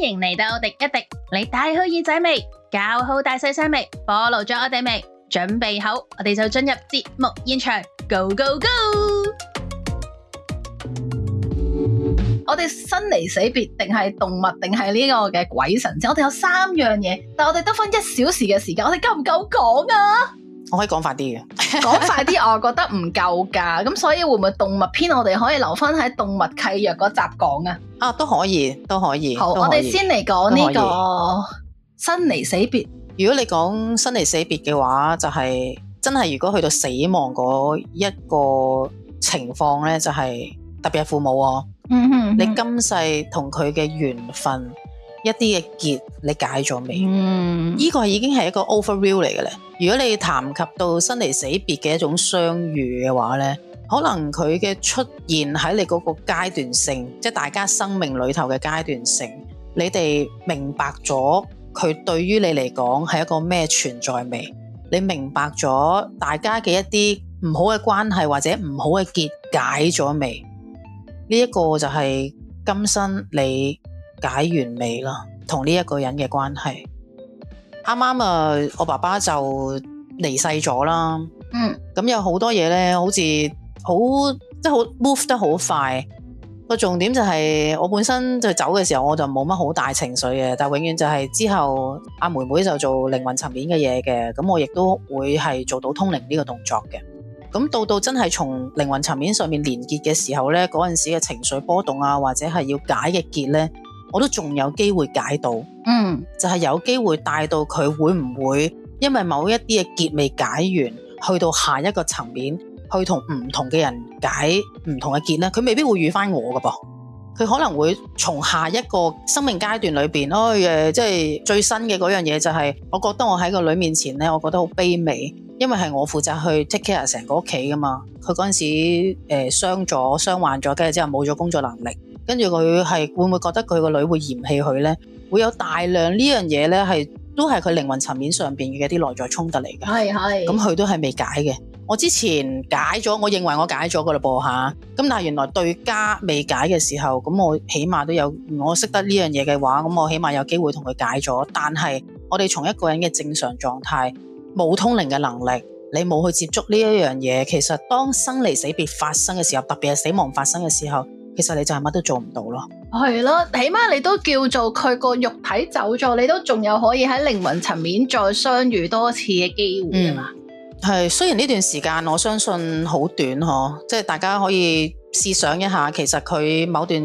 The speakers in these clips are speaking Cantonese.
歡迎嚟到廸一廸，你戴好耳仔未？搞好大細聲未？暴露咗我哋未？準備好，我哋就進入節目現場，Go Go Go！我哋生離死別，定係動物，定係呢個嘅鬼神？我哋有三樣嘢，但我哋得返一小時嘅時間，我哋夠唔夠講啊？我可以講快啲嘅，講快啲，我覺得唔夠噶，咁 所以會唔會動物篇我哋可以留翻喺動物契約嗰集講啊？啊，都可以，都可以。好，我哋先嚟講呢個生離死別。如果你講生離死別嘅話，就係真係，如果去到死亡嗰一個情況咧，就係特別係父母哦。嗯嗯，你今世同佢嘅緣分。一啲嘅結你解咗未？嗯、呢個已經係一個 overview 嚟嘅咧。如果你談及到生離死別嘅一種相遇嘅話呢，可能佢嘅出現喺你嗰個階段性，即係大家生命裏頭嘅階段性，你哋明白咗佢對於你嚟講係一個咩存在未？你明白咗大家嘅一啲唔好嘅關係或者唔好嘅結解咗未？呢一個就係今生你。解完未啦？同呢一個人嘅關係，啱啱啊，我爸爸就離世咗啦。嗯，咁、嗯、有好多嘢咧，好似好即係好 move 得好快。個重點就係、是、我本身就走嘅時候，我就冇乜好大情緒嘅。但係永遠就係之後阿、啊、妹妹就做靈魂層面嘅嘢嘅，咁我亦都會係做到通靈呢個動作嘅。咁到到真係從靈魂層面上面連結嘅時候咧，嗰陣時嘅情緒波動啊，或者係要解嘅結咧。我都仲有機會解到，嗯，就係、是、有機會帶到佢會唔會因為某一啲嘅結未解完，去到下一個層面，去同唔同嘅人解唔同嘅結咧，佢未必會遇翻我㗎噃，佢可能會從下一個生命階段裏邊，哦、哎、誒，即、就、係、是、最新嘅嗰樣嘢就係、是，我覺得我喺個女面前咧，我覺得好卑微，因為係我負責去 take care 成個屋企㗎嘛，佢嗰陣時誒傷咗、傷、呃、患咗，跟住之後冇咗工作能力。跟住佢係會唔會覺得佢個女會嫌棄佢呢？會有大量呢樣嘢呢，係都係佢靈魂層面上邊嘅一啲內在衝突嚟嘅。係係。咁佢都係未解嘅。我之前解咗，我認為我解咗噶啦噃吓，咁但係原來對家未解嘅時候，咁我起碼都有我識得呢樣嘢嘅話，咁我起碼有機會同佢解咗。但係我哋從一個人嘅正常狀態冇通靈嘅能力，你冇去接觸呢一樣嘢，其實當生離死別發生嘅時候，特別係死亡發生嘅時候。其實你就係乜都做唔到咯，係咯，起碼你都叫做佢個肉體走咗，你都仲有可以喺靈魂層面再相遇多次嘅機會㗎嘛。係、嗯，雖然呢段時間我相信好短嗬，即係大家可以試想一下，其實佢某段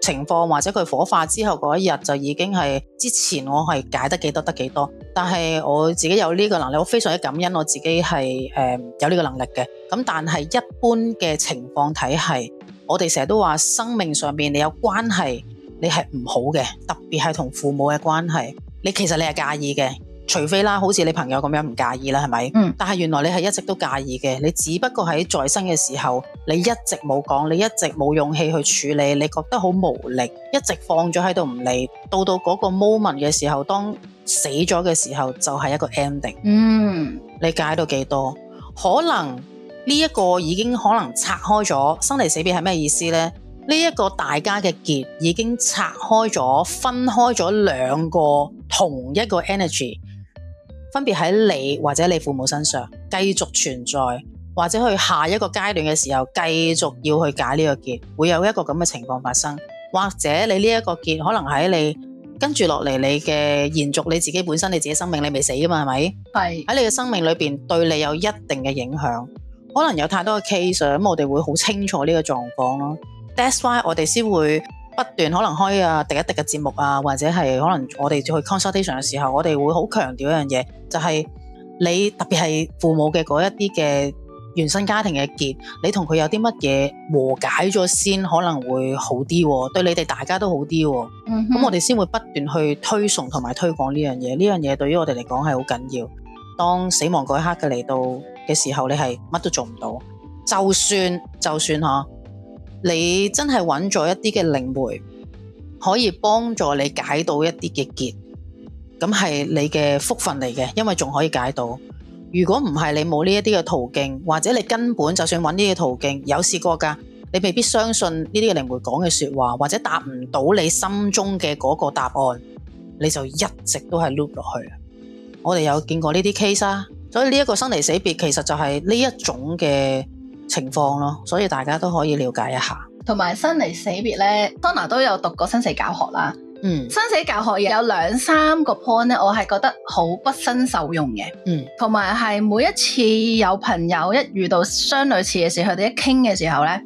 情況或者佢火化之後嗰一日就已經係之前我係解得幾多得幾多，但係我自己有呢個能力，我非常之感恩我自己係誒、嗯、有呢個能力嘅。咁但係一般嘅情況體係。我哋成日都話生命上面你有關係，你係唔好嘅，特別係同父母嘅關係，你其實你係介意嘅，除非啦，好似你朋友咁樣唔介意啦，係咪？嗯。但係原來你係一直都介意嘅，你只不過喺在，在生嘅時候，你一直冇講，你一直冇勇氣去處理，你覺得好無力，一直放咗喺度唔理，到到嗰個 moment 嘅時候，當死咗嘅時候就係一個 ending。嗯。你介意到幾多？可能。呢一個已經可能拆開咗，生離死別係咩意思呢？呢一個大家嘅結已經拆開咗，分開咗兩個同一個 energy，分別喺你或者你父母身上繼續存在，或者去下一個階段嘅時候繼續要去解呢個結，會有一個咁嘅情況發生。或者你呢一個結可能喺你跟住落嚟，你嘅延續，你自己本身你自己生命你未死噶嘛，係咪？係喺你嘅生命裏邊對你有一定嘅影響。可能有太多嘅 case，咁我哋會好清楚呢個狀況咯。That's why 我哋先會不斷可能開啊，廸一廸嘅節目啊，或者係可能我哋去 consultation 嘅時候，我哋會好強調一樣嘢，就係、是、你特別係父母嘅嗰一啲嘅原生家庭嘅結，你同佢有啲乜嘢和解咗先，可能會好啲，對你哋大家都好啲。咁、mm hmm. 我哋先會不斷去推崇同埋推廣呢樣嘢，呢樣嘢對於我哋嚟講係好緊要。當死亡嗰一刻嘅嚟到嘅時候，你係乜都做唔到。就算就算吓，你真係揾咗一啲嘅靈媒，可以幫助你解到一啲嘅結，咁係你嘅福分嚟嘅，因為仲可以解到。如果唔係你冇呢一啲嘅途徑，或者你根本就算揾呢啲途徑，有試過噶，你未必相信呢啲嘅靈媒講嘅說話，或者答唔到你心中嘅嗰個答案，你就一直都係碌落去。我哋有見過呢啲 case 啊，所以呢一個生離死別其實就係呢一種嘅情況咯，所以大家都可以了解一下。同埋生離死別咧，Sona 都有讀過生死教學啦。嗯，生死教學有兩三個 point 咧，我係覺得好不生受用嘅。嗯，同埋係每一次有朋友一遇到相類似嘅事，佢哋一傾嘅時候咧，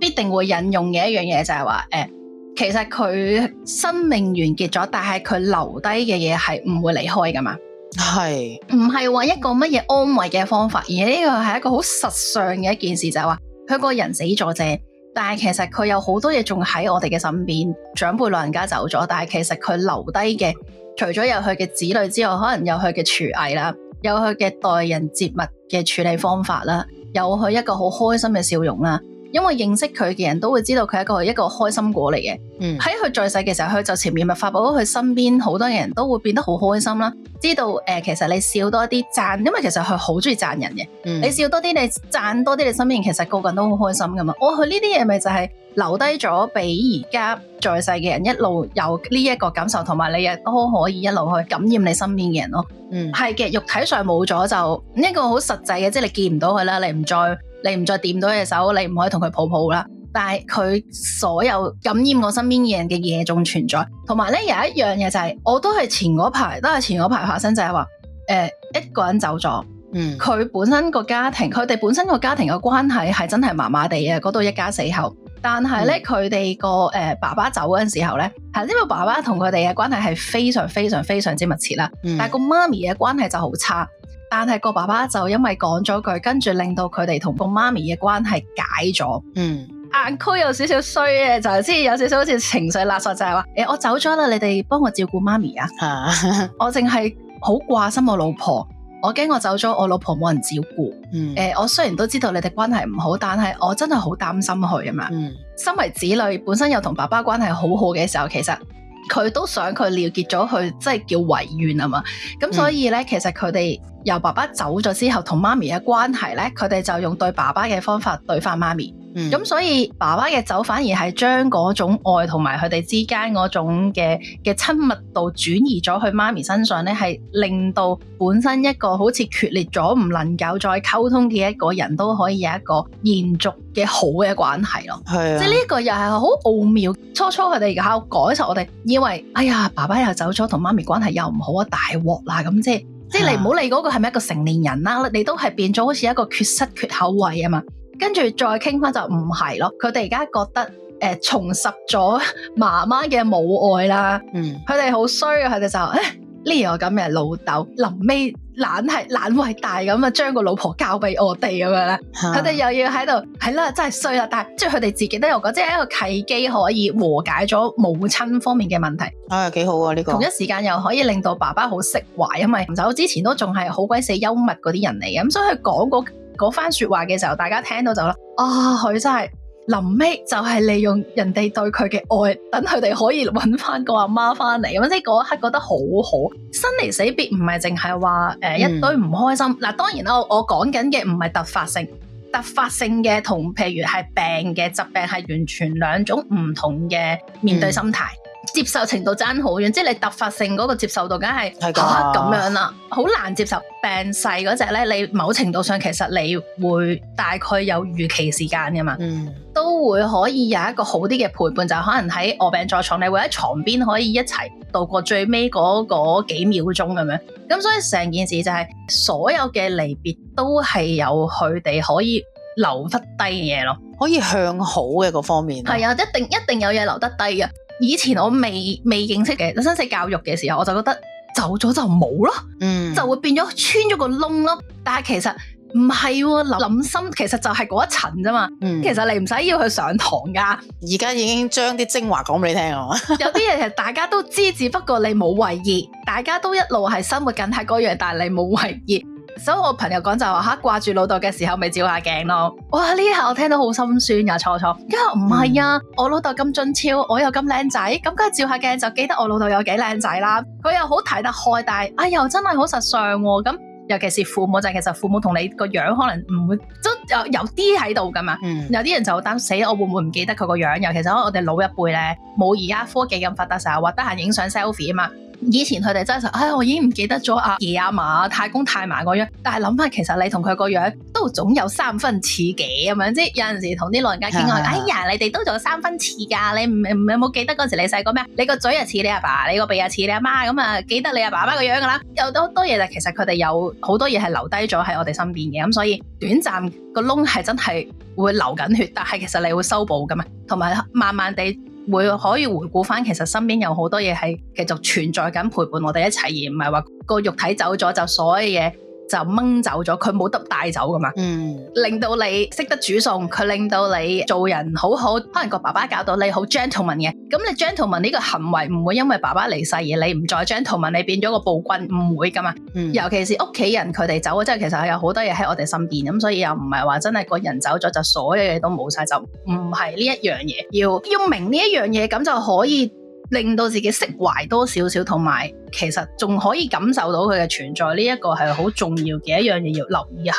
必定會引用嘅一樣嘢就係話，誒、哎，其實佢生命完結咗，但係佢留低嘅嘢係唔會離開噶嘛。係，唔係話一個乜嘢安慰嘅方法，而呢個係一個好實相嘅一件事，就係話，佢個人死咗啫。但係其實佢有好多嘢仲喺我哋嘅身邊，長輩老人家走咗，但係其實佢留低嘅，除咗有佢嘅子女之外，可能有佢嘅廚藝啦，有佢嘅待人接物嘅處理方法啦，有佢一個好開心嘅笑容啦。因為認識佢嘅人都會知道佢係一個一個開心果嚟嘅，喺佢、嗯、在世嘅時候，佢就前面咪發佈咗佢身邊好多人都會變得好開心啦。知道誒、呃，其實你笑多啲讚，因為其實佢好中意讚人嘅。嗯、你笑多啲，你讚多啲，你身邊人其實個個人都好開心噶嘛。我佢呢啲嘢，咪就係留低咗俾而家在世嘅人一路有呢一個感受，同埋你亦都可以一路去感染你身邊嘅人咯。嗯，係嘅，肉體上冇咗就呢個好實際嘅，即係你見唔到佢啦，你唔再。你唔再掂到佢隻手，你唔可以同佢抱抱啦。但係佢所有感染我身邊嘅人嘅嘢仲存在。同埋咧有一樣嘢就係、是，我都係前嗰排都係前嗰排發生就係話，誒、呃、一個人走咗。嗯，佢本身個家庭，佢哋本身個家庭嘅關係係真係麻麻地嘅。嗰度一家四口，但係咧佢哋個誒爸爸走嗰陣時候咧，係呢個爸爸同佢哋嘅關係係非常非常非常之密切啦。嗯、但係個媽咪嘅關係就好差。但係個爸爸就因為講咗句，跟住令到佢哋同個媽咪嘅關係解咗。嗯，眼箍有少少衰嘅，就係即係有少少好似情緒勒索，就係話誒，我走咗啦，你哋幫我照顧媽咪啊！ 我淨係好掛心我老婆，我驚我走咗，我老婆冇人照顧。嗯，誒、欸，我雖然都知道你哋關係唔好，但係我真係好擔心佢啊嘛。嗯，身為子女，本身又同爸爸關係好好嘅時候，其實。佢都想佢了結咗佢，即係叫遺願啊嘛。咁所以咧，嗯、其實佢哋由爸爸走咗之後，同媽咪嘅關係咧，佢哋就用對爸爸嘅方法對翻媽咪。咁、嗯、所以爸爸嘅走反而係將嗰種愛同埋佢哋之間嗰種嘅嘅親密度轉移咗去媽咪身上咧，係令到本身一個好似決裂咗唔能夠再溝通嘅一個人都可以有一個延續嘅好嘅關係咯。係、啊，即係呢一個又係好奧妙。初初佢哋而家改實，我哋以為哎呀爸爸又走咗，同媽咪關係又唔好啊，大鑊啦咁，即係即係你唔好理嗰個係咪一個成年人啦、啊，你都係變咗好似一個缺失缺口位啊嘛。跟住再傾翻就唔係咯，佢哋而家覺得誒、呃、重拾咗媽媽嘅母愛啦。嗯，佢哋好衰啊！佢哋就誒呢、這個咁嘅老豆，臨尾懶係懶為大咁啊，將個老婆交俾我哋咁樣咧。佢哋、啊、又要喺度係啦，真係衰啦。但係即係佢哋自己都有、那個即係一個契機，可以和解咗母親方面嘅問題。啊，幾好啊！呢、這個同一時間又可以令到爸爸好釋懷，因為臨走之前都仲係好鬼死幽默嗰啲人嚟嘅。咁所以佢講過嗰番說話嘅時候，大家聽到就覺得，啊，佢真係臨尾就係利用人哋對佢嘅愛，等佢哋可以揾翻個阿媽翻嚟。咁即係嗰一刻覺得好好。生離死別唔係淨係話誒一堆唔開心。嗱、嗯，當然啦，我講緊嘅唔係突發性，突發性嘅同譬如係病嘅疾病係完全兩種唔同嘅面對心態。嗯接受程度爭好遠，即係你突發性嗰個接受度，梗係係咁樣啦，好難接受病逝嗰隻咧。你某程度上其實你會大概有預期時間嘅嘛，嗯、都會可以有一個好啲嘅陪伴，就係、可能喺臥病在床，你會喺床邊可以一齊度過最尾嗰幾秒鐘咁樣。咁所以成件事就係、係、所有嘅離別都係有佢哋可以留得低嘅嘢咯，可以向好嘅嗰方面。係啊，一定一定有嘢留得低嘅。以前我未未認識嘅，生死教育嘅時候，我就覺得走咗就冇咯，嗯、就會變咗穿咗個窿咯。但係其實唔係、啊，諗諗深其實就係嗰一層啫嘛。嗯、其實你唔使要去上堂噶、啊。而家已經將啲精華講俾你聽咯。有啲嘢係大家都知， 只不過你冇為意。大家都一路係生活緊喺嗰樣，但係你冇為意。所以我朋友講就話嚇，掛住老豆嘅時候咪照下鏡咯。哇！呢下我聽到好心酸呀，初初。因為唔係啊，嗯、我老豆咁俊俏，我又咁靚仔，咁梗係照下鏡就記得我老豆有幾靚仔啦。佢又好睇得開，但係啊又真係好實相喎、啊。咁尤其是父母就係其實父母同你個樣可能唔會都有有啲喺度噶嘛。嗯、有啲人就擔心，死我會唔會唔記得佢個樣？尤其係我哋老一輩咧冇而家科技咁發達，成日話得閒影相 selfie 啊嘛。以前佢哋真係，唉、哎，我已經唔記得咗阿爺阿嫲太公太嫲個樣。但係諗翻，其實你同佢個樣都總有三分似嘅咁樣。即係有陣時同啲老人家傾，佢的，哎呀，你哋都仲有三分似噶。你唔有冇記得嗰時你細個咩？你個嘴啊似你阿爸,爸，你個鼻啊似你阿媽，咁啊記得你阿爸爸個樣噶啦。有多多嘢就其實佢哋有好多嘢係留低咗喺我哋身邊嘅。咁所以短暫個窿係真係會流緊血，但係其實你會修補噶嘛，同埋慢慢地。會可以回顧返，其實身邊有好多嘢係繼續存在緊，陪伴我哋一齊，而唔係話個肉體走咗就所有嘢就掹走咗，佢冇得帶走噶嘛。嗯，令到你識得煮餸，佢令到你做人好好。可能個爸爸教到你好 gentleman 嘅，咁你 gentleman 呢個行為唔會因為爸爸離世而你唔再 gentleman，你變咗個暴君，唔會噶嘛。嗯，尤其是屋企人佢哋走咗之後，其實係有好多嘢喺我哋身邊，咁所以又唔係話真係個人走咗就所有嘢都冇晒。就唔係呢一樣嘢。要要明呢一樣嘢，咁就可以。令到自己釋懷多少少，同埋其實仲可以感受到佢嘅存在，呢一個係好重要嘅一樣嘢，要留意一下。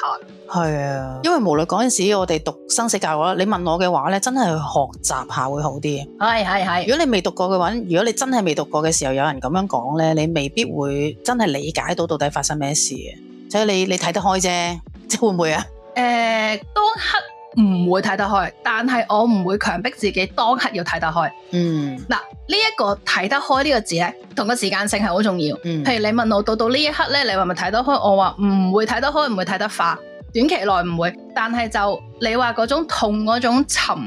係啊，因為無論嗰陣時我哋讀生死教育啦，你問我嘅話咧，真係去學習下會好啲。係係係，如果你未讀過嘅話，如果你真係未讀過嘅時候，有人咁樣講呢，你未必會真係理解到到底發生咩事嘅，所以你你睇得開啫，即係會唔會啊？誒、呃，當刻。唔會睇得開，但係我唔會強迫自己當刻要睇得開。嗯，嗱，呢一個睇得開呢個字咧，同個時間性係好重要。嗯，譬如你問我到到呢一刻咧，你話咪睇得開？我話唔會睇得開，唔會睇得化，短期內唔會。但係就你話嗰種痛嗰種沉，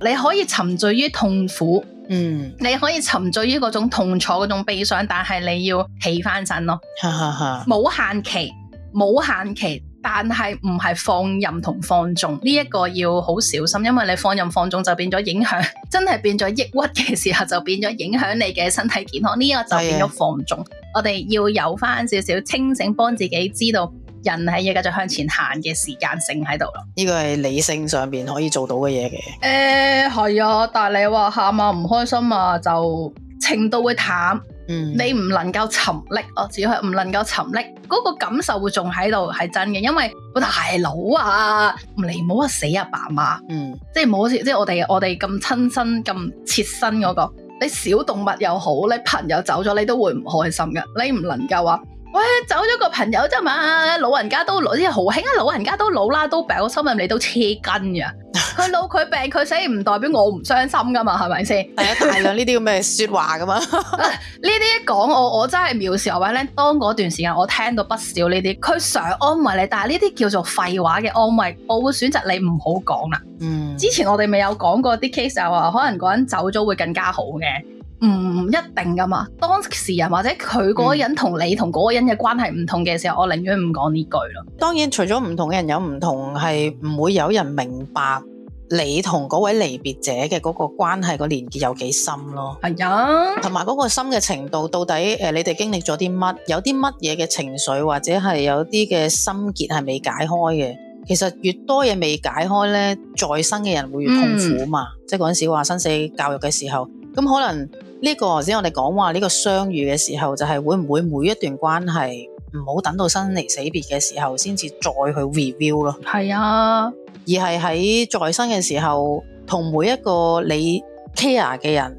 你可以沉醉於痛苦。嗯，你可以沉醉於嗰種痛楚嗰種悲傷，但係你要起翻身咯。哈哈哈，冇限期，冇限期。但係唔係放任同放縱，呢一個要好小心，因為你放任放縱就變咗影響，真係變咗抑鬱嘅時候就變咗影響你嘅身體健康，呢一個就變咗放縱。是的 我哋要有翻少少清醒，幫自己知道人係要繼續向前行嘅時間性喺度咯。呢個係理性上邊可以做到嘅嘢嘅。誒係啊，但係你話喊啊唔開心啊，就程度會淡。嗯，你唔能夠沉溺哦，只要係唔能夠沉溺，嗰個感受會仲喺度係真嘅。因為我大佬啊，你唔好話死阿爸媽，嗯，即係冇似即係我哋我哋咁親身咁切身嗰個。你小動物又好，你朋友走咗你都會唔開心噶。你唔能夠話喂走咗個朋友啫嘛，老人家都老，即係好興啊，老人家都老啦，都病，我心入你都車筋噶。佢老佢病佢死唔代表我唔傷心噶嘛，係咪先？係啊，大量呢啲咁嘅說話噶嘛。呢啲一講我，我真係藐視。或者當嗰段時間我聽到不少呢啲，佢想安慰你，但係呢啲叫做廢話嘅安慰，我會選擇你唔好講啦。嗯。之前我哋咪有講過啲 case，就話可能嗰人走咗會更加好嘅，唔一定噶嘛。當事人或者佢嗰個人同你同嗰個人嘅關係唔同嘅時候，嗯、我寧願唔講呢句咯。當然，除咗唔同嘅人有唔同，係唔會有人明白。你同嗰位離別者嘅嗰個關係個連結有幾深咯？係啊的，同埋嗰個深嘅程度到底誒、呃？你哋經歷咗啲乜？有啲乜嘢嘅情緒或者係有啲嘅心結係未解開嘅？其實越多嘢未解開咧，在生嘅人會越，越痛苦嘛。嗯、即係嗰陣時話生死教育嘅時候，咁可能呢、呢個頭先我哋講話呢個相遇嘅時候，就係、是、會唔會每一段關係？唔好等到生離死別嘅時候先至再去 review 咯，係啊，而係喺在生嘅時候，同、啊、每一個你 care 嘅人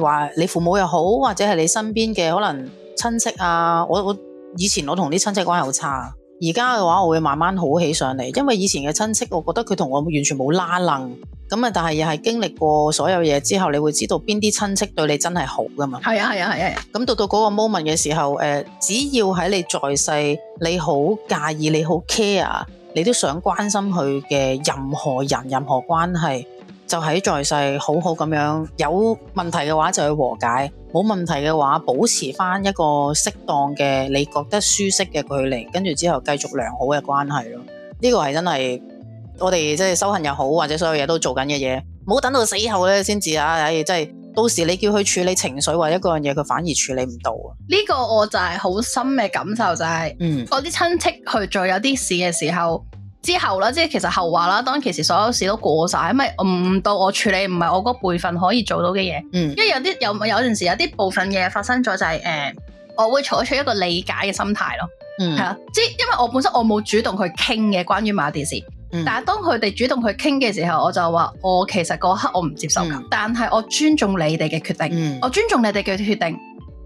話，你父母又好，或者係你身邊嘅可能親戚啊，我我以前我同啲親戚關係好差，而家嘅話，我會慢慢好起上嚟，因為以前嘅親戚，我覺得佢同我完全冇拉楞。咁啊！但係又係經歷過所有嘢之後，你會知道邊啲親戚對你真係好㗎嘛？係啊，係啊，係啊！咁到到嗰個 moment 嘅時候，誒，只要喺你在世，你好介意，你好 care，你都想關心佢嘅任何人、任何關係，就喺在世好好咁樣。有問題嘅話就去和解，冇問題嘅話保持返一個適當嘅你覺得舒適嘅距離，跟住之後繼續良好嘅關係囉。呢個係真係。我哋即係修行又好，或者所有嘢都做緊嘅嘢，唔好等到死後咧先至啊！唉、哎，真係到時你叫佢處理情緒或者個樣嘢，佢反而處理唔到啊！呢個我就係好深嘅感受就係、是，嗯、我啲親戚去做有啲事嘅時候之後啦，即係其實後話啦，當其時所有事都過曬，因為唔到我處理，唔係我嗰輩份可以做到嘅嘢。嗯、因為有啲有有陣時有啲部分嘢發生咗、就是，就係誒，我會採取一個理解嘅心態咯。嗯，係啦，即係因為我本身我冇主動去傾嘅關於某啲事。但係當佢哋主動去傾嘅時候，我就話我其實嗰刻我唔接受噶，嗯、但係我尊重你哋嘅決定，嗯、我尊重你哋嘅決定。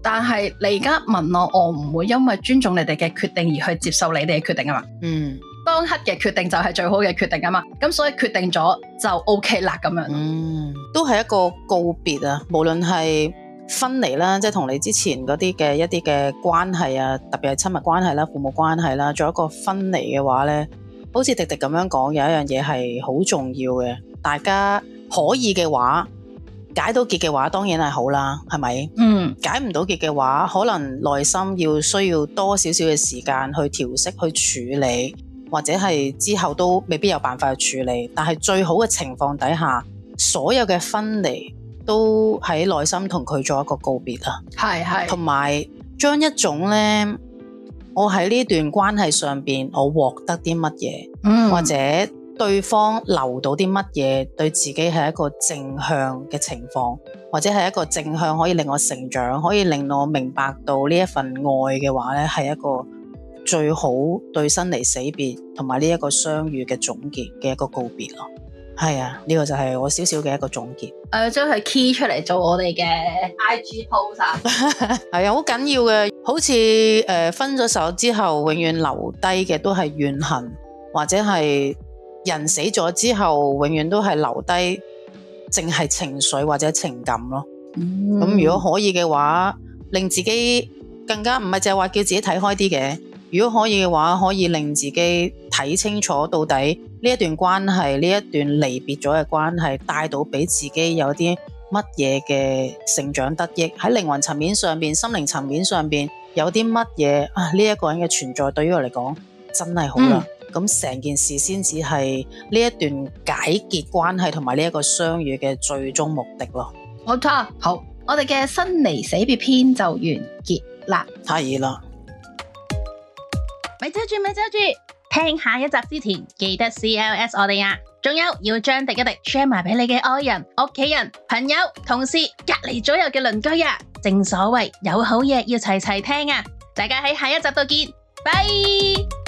但係你而家問我，我唔會因為尊重你哋嘅決定而去接受你哋嘅決定啊嘛。嗯，當刻嘅決定就係最好嘅決定啊嘛。咁所以決定咗就 OK 啦，咁樣。嗯，都係一個告別啊，無論係分離啦，即係同你之前嗰啲嘅一啲嘅關係啊，特別係親密關係啦、父母關係啦，做一個分離嘅話咧。好似迪迪咁樣講，有一樣嘢係好重要嘅，大家可以嘅話解到結嘅話，當然係好啦，係咪？嗯，解唔到結嘅話，可能內心要需要多少少嘅時間去調適、去處理，或者係之後都未必有辦法去處理。但係最好嘅情況底下，所有嘅分離都喺內心同佢做一個告別啦、啊。係係，同埋將一種呢。我喺呢段關係上邊，我獲得啲乜嘢，嗯、或者對方留到啲乜嘢，對自己係一個正向嘅情況，或者係一個正向可以令我成長，可以令我明白到呢一份愛嘅話呢，係一個最好對生離死別同埋呢一個相遇嘅總結嘅一個告別咯。係啊，呢、這個就係我少少嘅一個總結。誒， 將佢 key 出嚟做我哋嘅 IG post 啊。係啊，好緊要嘅。好似誒，分咗手之後，永遠留低嘅都係怨恨，或者係人死咗之後，永遠都係留低淨係情緒或者情感咯。咁、mm hmm。如果可以嘅話，令自己更加唔係淨係話叫自己睇開啲嘅。如果可以嘅話，可以令自己。睇清楚到底呢一段關係，呢一段離別咗嘅關係，帶到俾自己有啲乜嘢嘅成長得益？喺靈魂層面上邊、心靈層面上邊有啲乜嘢啊？呢、這、一個人嘅存在對於我嚟講真係好啦。咁成、嗯、件事先至係呢一段解結關係同埋呢一個相遇嘅最終目的咯。冇錯，好，好，我哋嘅生離死別篇就完結啦。太熱啦，咪遮住，咪遮住。聽下一集之前，記得 C L S 我哋啊，仲有要將廸一廸 share 埋俾你嘅愛人、屋企人、朋友、同事、隔籬左右嘅鄰居啊！正所謂有好嘢要齊齊聽啊！大家喺下一集度見，拜。